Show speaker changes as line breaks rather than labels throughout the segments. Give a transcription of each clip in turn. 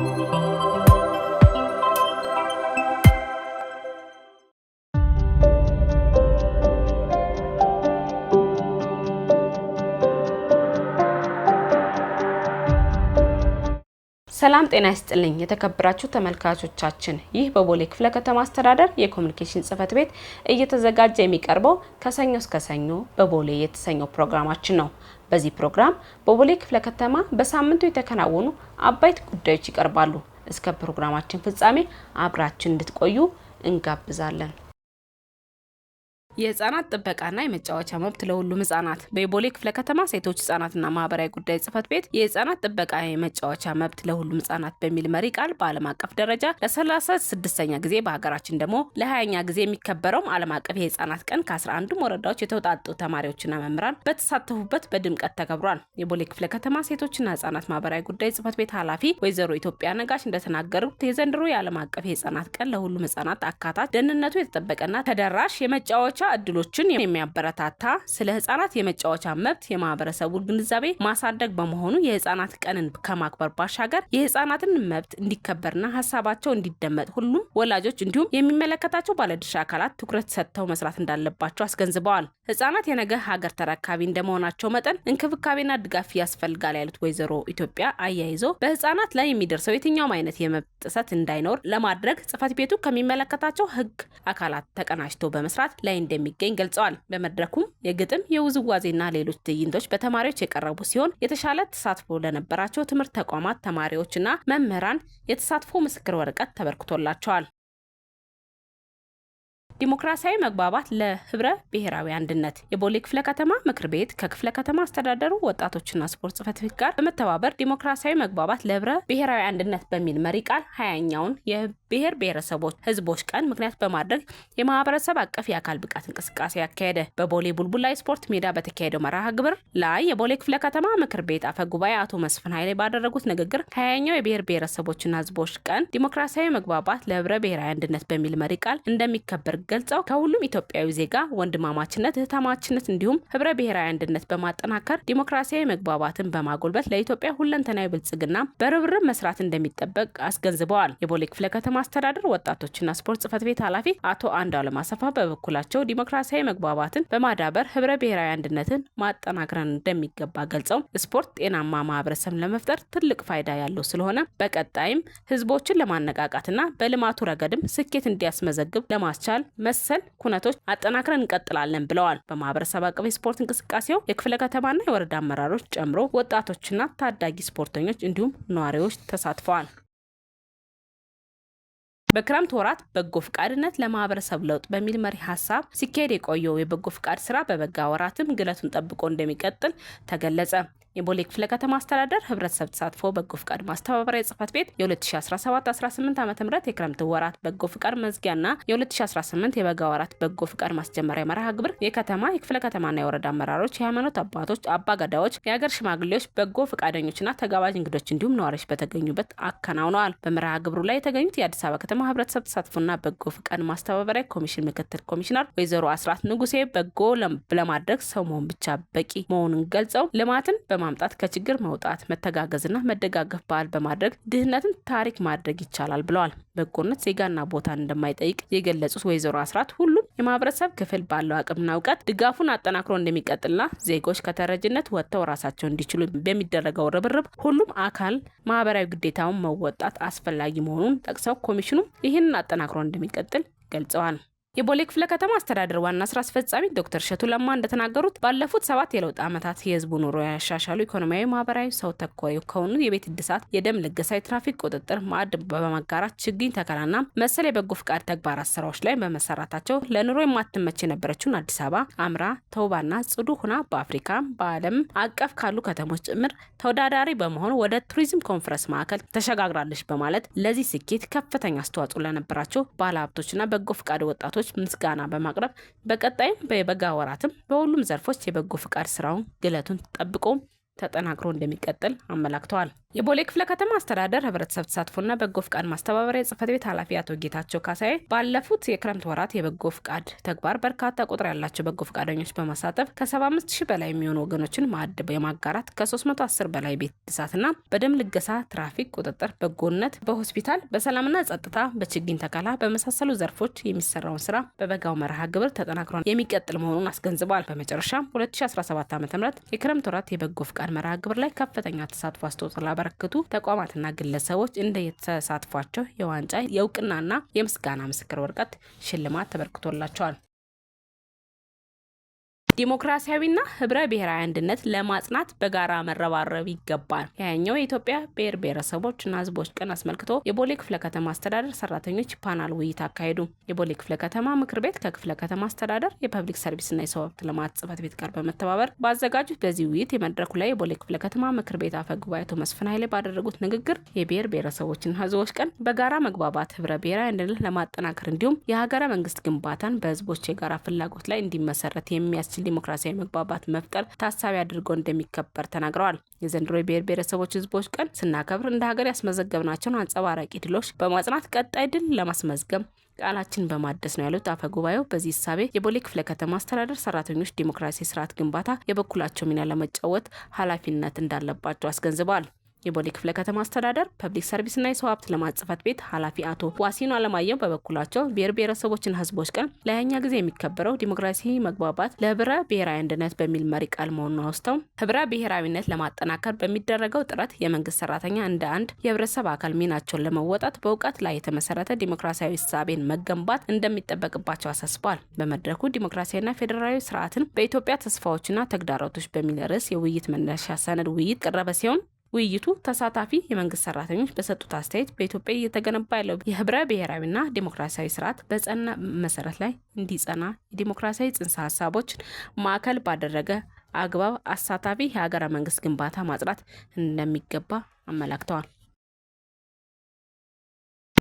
Thank you. ሰላም ጤና ይስጥልኝ የተከበራችሁ ተመልካቾቻችን፣ ይህ በቦሌ ክፍለ ከተማ አስተዳደር የኮሚኒኬሽን ጽህፈት ቤት እየተዘጋጀ የሚቀርበው ከሰኞ እስከ ሰኞ በቦሌ የተሰኘው ፕሮግራማችን ነው። በዚህ ፕሮግራም በቦሌ ክፍለ ከተማ በሳምንቱ የተከናወኑ አበይት ጉዳዮች ይቀርባሉ። እስከ ፕሮግራማችን ፍጻሜ አብራችን እንድትቆዩ እንጋብዛለን። የህጻናት ጥበቃና የመጫወቻ መብት ለሁሉም ህጻናት በኢቦሌ ክፍለ ከተማ ሴቶች ህጻናትና ማህበራዊ ጉዳይ ጽህፈት ቤት የህጻናት ጥበቃ የመጫወቻ መብት ለሁሉም ህጻናት በሚል መሪ ቃል በዓለም አቀፍ ደረጃ ለሰላሳ ስድስተኛ ጊዜ በሀገራችን ደግሞ ለሀያኛ ጊዜ የሚከበረውም ዓለም አቀፍ የህጻናት ቀን ከአስራ አንዱም ወረዳዎች የተውጣጡ ተማሪዎችና መምህራን በተሳተፉበት በድምቀት ተከብሯል። የቦሌ ክፍለ ከተማ ሴቶችና ህጻናት ማህበራዊ ጉዳይ ጽህፈት ቤት ኃላፊ ወይዘሮ ኢትዮጵያ ነጋሽ እንደተናገሩት የዘንድሮ የዓለም አቀፍ የህጻናት ቀን ለሁሉም ህጻናት አካታች፣ ደህንነቱ የተጠበቀና ተደራሽ የመጫወቻ እድሎችን የሚያበረታታ ስለ ህጻናት የመጫወቻ መብት የማህበረሰቡን ግንዛቤ ማሳደግ በመሆኑ የህጻናት ቀንን ከማክበር ባሻገር የህጻናትን መብት እንዲከበርና ሀሳባቸው እንዲደመጥ ሁሉም ወላጆች እንዲሁም የሚመለከታቸው ባለድርሻ አካላት ትኩረት ሰጥተው መስራት እንዳለባቸው አስገንዝበዋል። ህጻናት የነገ ሀገር ተረካቢ እንደመሆናቸው መጠን እንክብካቤና ድጋፍ ያስፈልጋል ያሉት ወይዘሮ ኢትዮጵያ አያይዞ በህጻናት ላይ የሚደርሰው የትኛውም አይነት የመብት ጥሰት እንዳይኖር ለማድረግ ጽህፈት ቤቱ ከሚመለከታቸው ህግ አካላት ተቀናጅቶ በመስራት ላይ እንደ እንደሚገኝ ገልጸዋል። በመድረኩም የግጥም የውዝዋዜና ሌሎች ትዕይንቶች በተማሪዎች የቀረቡ ሲሆን የተሻለ ተሳትፎ ለነበራቸው ትምህርት ተቋማት ተማሪዎችና መምህራን የተሳትፎ ምስክር ወረቀት ተበርክቶላቸዋል። ዲሞክራሲያዊ መግባባት ለህብረ ብሔራዊ አንድነት የቦሌ ክፍለ ከተማ ምክር ቤት ከክፍለ ከተማ አስተዳደሩ ወጣቶችና ስፖርት ጽሕፈት ቤት ጋር በመተባበር ዲሞክራሲያዊ መግባባት ለህብረ ብሔራዊ አንድነት በሚል መሪ ቃል ሀያኛውን የብሔር ብሔረሰቦች ህዝቦች ቀን ምክንያት በማድረግ የማህበረሰብ አቀፍ የአካል ብቃት እንቅስቃሴ ያካሄደ። በቦሌ ቡልቡላ ስፖርት ሜዳ በተካሄደው መርሃ ግብር ላይ የቦሌ ክፍለ ከተማ ምክር ቤት አፈ ጉባኤ አቶ መስፍን ኃይሌ ባደረጉት ንግግር ሀያኛው የብሔር ብሔረሰቦችና ህዝቦች ቀን ዲሞክራሲያዊ መግባባት ለህብረ ብሔራዊ አንድነት በሚል መሪ ቃል እንደሚከበር ገልጸው ከሁሉም ኢትዮጵያዊ ዜጋ ወንድማማችነት፣ እህታማችነት እንዲሁም ህብረ ብሔራዊ አንድነት በማጠናከር ዲሞክራሲያዊ መግባባትን በማጎልበት ለኢትዮጵያ ሁለንተናዊ ብልጽግና በርብርብ መስራት እንደሚጠበቅ አስገንዝበዋል። የቦሌ ክፍለ ከተማ አስተዳደር ወጣቶችና ስፖርት ጽህፈት ቤት ኃላፊ አቶ አንዱዓለም አሰፋ በበኩላቸው ዲሞክራሲያዊ መግባባትን በማዳበር ህብረ ብሔራዊ አንድነትን ማጠናክረን እንደሚገባ ገልጸው ስፖርት ጤናማ ማህበረሰብ ለመፍጠር ትልቅ ፋይዳ ያለው ስለሆነ በቀጣይም ህዝቦችን ለማነቃቃትና በልማቱ ረገድም ስኬት እንዲያስመዘግብ ለማስቻል መሰል ኩነቶች አጠናክረን እንቀጥላለን ብለዋል። በማህበረሰብ አቀፍ የስፖርት እንቅስቃሴው የክፍለ ከተማና የወረዳ አመራሮች ጨምሮ ወጣቶችና ታዳጊ ስፖርተኞች እንዲሁም ነዋሪዎች ተሳትፈዋል። በክረምት ወራት በጎ ፍቃድነት ለማህበረሰብ ለውጥ በሚል መሪ ሀሳብ ሲካሄድ የቆየው የበጎ ፍቃድ ስራ በበጋ ወራትም ግለቱን ጠብቆ እንደሚቀጥል ተገለጸ። የቦሌ ክፍለ ከተማ አስተዳደር ህብረተሰብ ተሳትፎ በጎ ፍቃድ ማስተባበሪያ ጽህፈት ቤት የ2017-18 ዓ ም የክረምት ወራት በጎ ፍቃድ መዝጊያና የ2018 የበጋ ወራት በጎ ፍቃድ ማስጀመሪያ መርሃ ግብር የከተማ የክፍለ ከተማና የወረዳ አመራሮች፣ የሃይማኖት አባቶች፣ አባገዳዎች፣ የሀገር ሽማግሌዎች፣ በጎ ፍቃደኞችና ተጋባዥ እንግዶች እንዲሁም ነዋሪዎች በተገኙበት አከናውነዋል። በመርሃ ግብሩ ላይ የተገኙት የአዲስ አበባ ከተማ ህብረተሰብ ተሳትፎና በጎ ፍቃድ ማስተባበሪያ ኮሚሽን ምክትል ኮሚሽነር ወይዘሮ አስራት ንጉሴ በጎ ለማድረግ ሰው መሆን ብቻ በቂ መሆኑን ገልጸው ልማትን በማ ማምጣት ከችግር መውጣት፣ መተጋገዝና መደጋገፍ ባህል በማድረግ ድህነትን ታሪክ ማድረግ ይቻላል ብለዋል። በጎነት ዜጋና ቦታን እንደማይጠይቅ የገለጹት ወይዘሮ አስራት ሁሉም የማህበረሰብ ክፍል ባለው አቅምና እውቀት ድጋፉን አጠናክሮ እንደሚቀጥልና ዜጎች ከተረጅነት ወጥተው ራሳቸው እንዲችሉ በሚደረገው ርብርብ ሁሉም አካል ማህበራዊ ግዴታውን መወጣት አስፈላጊ መሆኑን ጠቅሰው ኮሚሽኑ ይህንን አጠናክሮ እንደሚቀጥል ገልጸዋል። የቦሌ ክፍለ ከተማ አስተዳደር ዋና ስራ አስፈጻሚ ዶክተር እሸቱ ለማ እንደተናገሩት ባለፉት ሰባት የለውጥ ዓመታት የህዝቡ ኑሮ ያሻሻሉ ኢኮኖሚያዊ፣ ማህበራዊ፣ ሰው ተኮር ከሆኑ የቤት እድሳት፣ የደም ልገሳ፣ የትራፊክ ቁጥጥር፣ ማዕድ በመጋራት ችግኝ ተከላና መሰል የበጎ ፍቃድ ተግባራት ስራዎች ላይ በመሰራታቸው ለኑሮ የማትመች የነበረችውን አዲስ አበባ አምራ ተውባና ጽዱ ሁና በአፍሪካ በዓለም አቀፍ ካሉ ከተሞች ጭምር ተወዳዳሪ በመሆን ወደ ቱሪዝም ኮንፈረንስ ማዕከል ተሸጋግራለች በማለት ለዚህ ስኬት ከፍተኛ አስተዋጽኦ ለነበራቸው ባለሀብቶችና በጎ ፍቃድ ወጣቶች ለወጣቶች ምስጋና በማቅረብ በቀጣይም በበጋ ወራትም በሁሉም ዘርፎች የበጎ ፍቃድ ስራውን ግለቱን ጠብቆ ተጠናክሮ እንደሚቀጥል አመላክተዋል። የቦሌ ክፍለ ከተማ አስተዳደር ህብረተሰብ ተሳትፎና በጎ ፍቃድ ማስተባበሪያ ጽህፈት ቤት ኃላፊ አቶ ጌታቸው ካሳዬ ባለፉት የክረምት ወራት የበጎ ፍቃድ ተግባር በርካታ ቁጥር ያላቸው በጎ ፍቃደኞች በማሳተፍ ከ75 ሺህ በላይ የሚሆኑ ወገኖችን ማዕድ የማጋራት ከ310 በላይ ቤት እድሳትና በደም ልገሳ፣ ትራፊክ ቁጥጥር፣ በጎነት፣ በሆስፒታል፣ በሰላምና ጸጥታ፣ በችግኝ ተከላ በመሳሰሉ ዘርፎች የሚሰራውን ስራ በበጋው መርሃ ግብር ተጠናክሮ የሚቀጥል መሆኑን አስገንዝበዋል። በመጨረሻም 2017 ዓ ም የክረምት ወራት የበጎ ፍቃድ በበዓል መርሃ ግብር ላይ ከፍተኛ ተሳትፎ አስተዋጽኦ ላበረከቱ ተቋማትና ግለሰቦች እንደየተሳትፏቸው የዋንጫ የእውቅናና የምስጋና ምስክር ወረቀት ሽልማት ተበርክቶላቸዋል። ዲሞክራሲያዊና ህብረ ብሔራዊ አንድነት ለማጽናት በጋራ መረባረብ ይገባል። ያኛው የኢትዮጵያ ብሔር ብሔረሰቦችና ህዝቦች ቀን አስመልክቶ የቦሌ ክፍለ ከተማ አስተዳደር ሰራተኞች ፓናል ውይይት አካሄዱ። የቦሌ ክፍለ ከተማ ምክር ቤት ከክፍለ ከተማ አስተዳደር የፐብሊክ ሰርቪስና የሰው ሀብት ልማት ጽህፈት ቤት ጋር በመተባበር ባዘጋጁት በዚህ ውይይት የመድረኩ ላይ የቦሌ ክፍለ ከተማ ምክር ቤት አፈ ጉባኤ አቶ መስፍን ኃይሌ ባደረጉት ንግግር የብሔር ብሔረሰቦችና ህዝቦች ቀን በጋራ መግባባት ህብረ ብሔራዊ አንድነት ለማጠናከር እንዲሁም የሀገረ መንግስት ግንባታን በህዝቦች የጋራ ፍላጎት ላይ እንዲመሰረት የሚያስችል ዲሞክራሲያዊ መግባባት መፍጠር ታሳቢ አድርጎ እንደሚከበር ተናግረዋል። የዘንድሮ የብሔር ብሔረሰቦች ህዝቦች ቀን ስናከብር እንደ ሀገር ያስመዘገብናቸውን አንጸባራቂ ድሎች በማጽናት ቀጣይ ድል ለማስመዝገብ ቃላችን በማደስ ነው ያሉት አፈ ጉባኤው፣ በዚህ እሳቤ የቦሌ ክፍለ ከተማ አስተዳደር ሰራተኞች ዲሞክራሲ ስርዓት ግንባታ የበኩላቸው ሚና ለመጫወት ኃላፊነት እንዳለባቸው አስገንዝበዋል። የቦሌ ክፍለ ከተማ አስተዳደር ፐብሊክ ሰርቪስና የሰው ሀብት ልማት ቤት ኃላፊ አቶ ዋሲኖ አለማየሁ በበኩላቸው ብሔር ብሔረሰቦችና ህዝቦች ቀን ለሀያኛ ጊዜ የሚከበረው ዲሞክራሲ መግባባት ለህብረ ብሔራዊ አንድነት በሚል መሪ ቃል መሆኑን አውስተው ህብረ ብሔራዊነት ለማጠናከር በሚደረገው ጥረት የመንግስት ሰራተኛ እንደ አንድ የህብረተሰብ አካል ሚናቸውን ለመወጣት በእውቀት ላይ የተመሰረተ ዲሞክራሲያዊ እሳቤን መገንባት እንደሚጠበቅባቸው አሳስበዋል። በመድረኩ ዲሞክራሲያዊና ፌዴራላዊ ስርዓትን በኢትዮጵያ ተስፋዎችና ተግዳሮቶች በሚል ርዕስ የውይይት መነሻ ሰነድ ውይይት ቀረበ ሲሆን ውይይቱ ተሳታፊ የመንግስት ሰራተኞች በሰጡት አስተያየት በኢትዮጵያ እየተገነባ ያለው የህብረ ብሔራዊና ዴሞክራሲያዊ ስርዓት በጸና መሰረት ላይ እንዲጸና የዴሞክራሲያዊ ጽንሰ ሀሳቦችን ማዕከል ባደረገ አግባብ አሳታፊ የሀገረ መንግስት ግንባታ ማጽዳት እንደሚገባ አመላክተዋል።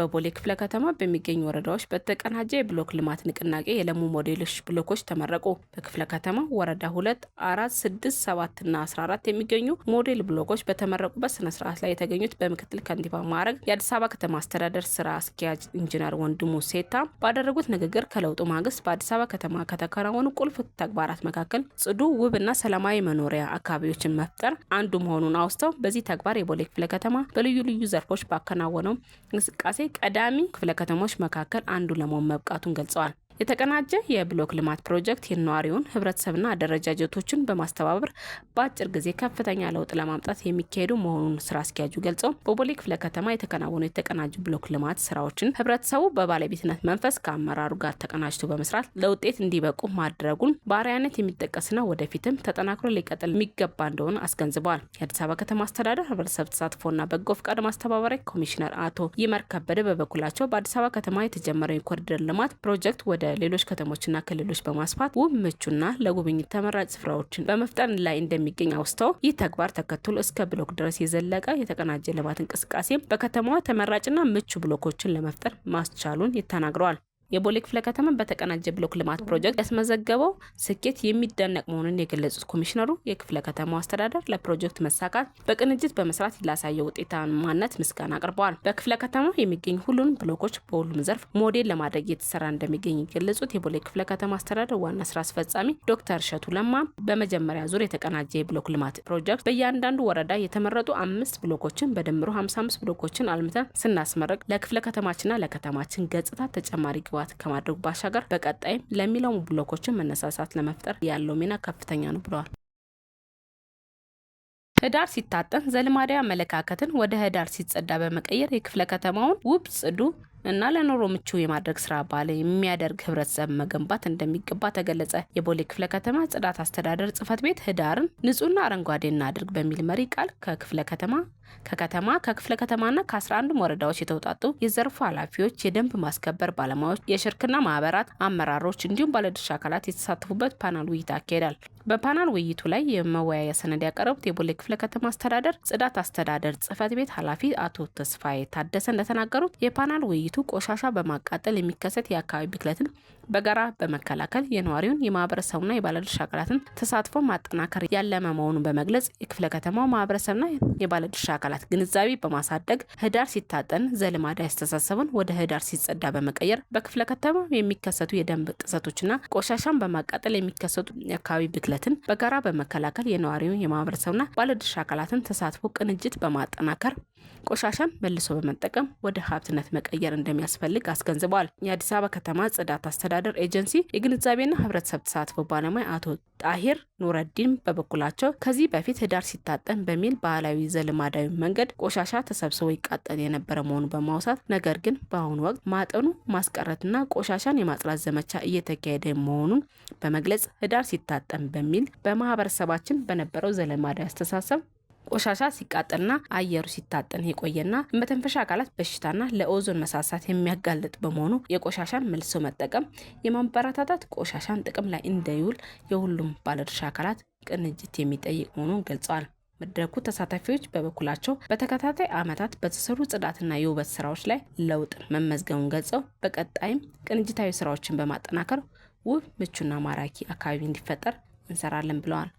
በቦሌ ክፍለ ከተማ በሚገኙ ወረዳዎች በተቀናጀ የብሎክ ልማት ንቅናቄ የለሙ ሞዴሎች ብሎኮች ተመረቁ። በክፍለ ከተማ ወረዳ ሁለት አራት ስድስት ሰባት ና አስራ አራት የሚገኙ ሞዴል ብሎኮች በተመረቁበት ስነ ስርዓት ላይ የተገኙት በምክትል ከንቲባ ማዕረግ የአዲስ አበባ ከተማ አስተዳደር ስራ አስኪያጅ ኢንጂነር ወንድሙ ሴታ ባደረጉት ንግግር ከለውጡ ማግስት በአዲስ አበባ ከተማ ከተከናወኑ ቁልፍ ተግባራት መካከል ጽዱ፣ ውብ ና ሰላማዊ መኖሪያ አካባቢዎችን መፍጠር አንዱ መሆኑን አውስተው በዚህ ተግባር የቦሌ ክፍለ ከተማ በልዩ ልዩ ዘርፎች ባከናወነው እንቅስቃሴ ቀዳሚ ክፍለ ከተሞች መካከል አንዱ ለመሆን መብቃቱን ገልጸዋል። የተቀናጀ የብሎክ ልማት ፕሮጀክት የነዋሪውን ህብረተሰብና አደረጃጀቶችን በማስተባበር በአጭር ጊዜ ከፍተኛ ለውጥ ለማምጣት የሚካሄዱ መሆኑን ስራ አስኪያጁ ገልጸው በቦሌ ክፍለ ከተማ የተከናወኑ የተቀናጁ ብሎክ ልማት ስራዎችን ህብረተሰቡ በባለቤትነት መንፈስ ከአመራሩ ጋር ተቀናጅቶ በመስራት ለውጤት እንዲበቁ ማድረጉን በአርአያነት የሚጠቀስና ወደፊትም ተጠናክሮ ሊቀጥል የሚገባ እንደሆነ አስገንዝበዋል። የአዲስ አበባ ከተማ አስተዳደር ህብረተሰብ ተሳትፎና በጎ ፍቃድ ማስተባበሪያ ኮሚሽነር አቶ ይመር ከበደ በበኩላቸው በአዲስ አበባ ከተማ የተጀመረው የኮሪደር ልማት ፕሮጀክት ወደ ሌሎች ከተሞችና ክልሎች በማስፋት ውብ ምቹና ለጉብኝት ተመራጭ ስፍራዎችን በመፍጠር ላይ እንደሚገኝ አውስተው ይህ ተግባር ተከትሎ እስከ ብሎክ ድረስ የዘለቀ የተቀናጀ ልማት እንቅስቃሴ በከተማዋ ተመራጭና ምቹ ብሎኮችን ለመፍጠር ማስቻሉን ተናግረዋል። የቦሌ ክፍለ ከተማን በተቀናጀ ብሎክ ልማት ፕሮጀክት ያስመዘገበው ስኬት የሚደነቅ መሆኑን የገለጹት ኮሚሽነሩ የክፍለ ከተማው አስተዳደር ለፕሮጀክት መሳካት በቅንጅት በመስራት ላሳየው ውጤታማነት ምስጋና አቅርበዋል። በክፍለ ከተማው የሚገኙ ሁሉንም ብሎኮች በሁሉም ዘርፍ ሞዴል ለማድረግ እየተሰራ እንደሚገኝ የገለጹት የቦሌ ክፍለ ከተማ አስተዳደር ዋና ስራ አስፈጻሚ ዶክተር እሸቱ ለማ በመጀመሪያ ዙር የተቀናጀ የብሎክ ልማት ፕሮጀክት በእያንዳንዱ ወረዳ የተመረጡ አምስት ብሎኮችን በድምሩ 55 ብሎኮችን አልምተን ስናስመረቅ ለክፍለ ከተማችንና ለከተማችን ገጽታ ተጨማሪ ግባ ክትባት ከማድረጉ ባሻገር በቀጣይም ለሚለሙ ብሎኮችን መነሳሳት ለመፍጠር ያለው ሚና ከፍተኛ ነው ብለዋል። ህዳር ሲታጠን ዘልማዳዊ አመለካከትን ወደ ህዳር ሲጸዳ በመቀየር የክፍለ ከተማውን ውብ፣ ጽዱ እና ለኑሮ ምቹ የማድረግ ስራ ባለ የሚያደርግ ህብረተሰብ መገንባት እንደሚገባ ተገለጸ። የቦሌ ክፍለ ከተማ ጽዳት አስተዳደር ጽህፈት ቤት ህዳርን ንጹህና አረንጓዴ እናድርግ በሚል መሪ ቃል ከክፍለ ከተማ ከከተማ ከክፍለ ከተማና ከ11 ወረዳዎች የተውጣጡ የዘርፉ ኃላፊዎች፣ የደንብ ማስከበር ባለሙያዎች፣ የሽርክና ማህበራት አመራሮች እንዲሁም ባለድርሻ አካላት የተሳተፉበት ፓናል ውይይት አካሄዳል። በፓናል ውይይቱ ላይ የመወያያ ሰነድ ያቀረቡት የቦሌ ክፍለ ከተማ አስተዳደር ጽዳት አስተዳደር ጽህፈት ቤት ኃላፊ አቶ ተስፋዬ ታደሰ እንደተናገሩት የፓናል ውይይ ድርጅቱ ቆሻሻ በማቃጠል የሚከሰት የአካባቢ ብክለትን በጋራ በመከላከል የነዋሪውን የማህበረሰቡና የባለድርሻ አካላትን ተሳትፎ ማጠናከር ያለመ መሆኑን በመግለጽ የክፍለ ከተማው ማህበረሰብና የባለድርሻ አካላት ግንዛቤ በማሳደግ ህዳር ሲታጠን ዘልማዳ ያስተሳሰቡን ወደ ህዳር ሲጸዳ በመቀየር በክፍለ ከተማው የሚከሰቱ የደንብ ጥሰቶችና ቆሻሻን በማቃጠል የሚከሰቱ የአካባቢ ብክለትን በጋራ በመከላከል የነዋሪውን የማህበረሰቡና ባለድርሻ አካላትን ተሳትፎ ቅንጅት በማጠናከር ቆሻሻን መልሶ በመጠቀም ወደ ሀብትነት መቀየር እንደሚያስፈልግ አስገንዝበዋል። የአዲስ አበባ ከተማ ጽዳት አስተዳደር ኤጀንሲ የግንዛቤና ህብረተሰብ ተሳትፎ ባለሙያ አቶ ጣሂር ኑረዲን በበኩላቸው ከዚህ በፊት ህዳር ሲታጠን በሚል ባህላዊ ዘልማዳዊ መንገድ ቆሻሻ ተሰብስቦ ይቃጠል የነበረ መሆኑን በማውሳት ነገር ግን በአሁኑ ወቅት ማጠኑ ማስቀረትና ቆሻሻን የማጽራት ዘመቻ እየተካሄደ መሆኑን በመግለጽ ህዳር ሲታጠን በሚል በማህበረሰባችን በነበረው ዘለማዳዊ አስተሳሰብ ቆሻሻ ሲቃጠልና አየሩ ሲታጠን የቆየና መተንፈሻ አካላት በሽታና ለኦዞን መሳሳት የሚያጋልጥ በመሆኑ የቆሻሻን መልሶ መጠቀም የማበረታታት ቆሻሻን ጥቅም ላይ እንዳይውል የሁሉም ባለድርሻ አካላት ቅንጅት የሚጠይቅ መሆኑን ገልጸዋል። መድረኩ ተሳታፊዎች በበኩላቸው በተከታታይ ዓመታት በተሰሩ ጽዳትና የውበት ስራዎች ላይ ለውጥ መመዝገቡን ገልጸው በቀጣይም ቅንጅታዊ ስራዎችን በማጠናከር ውብ ምቹና ማራኪ አካባቢ እንዲፈጠር እንሰራለን ብለዋል።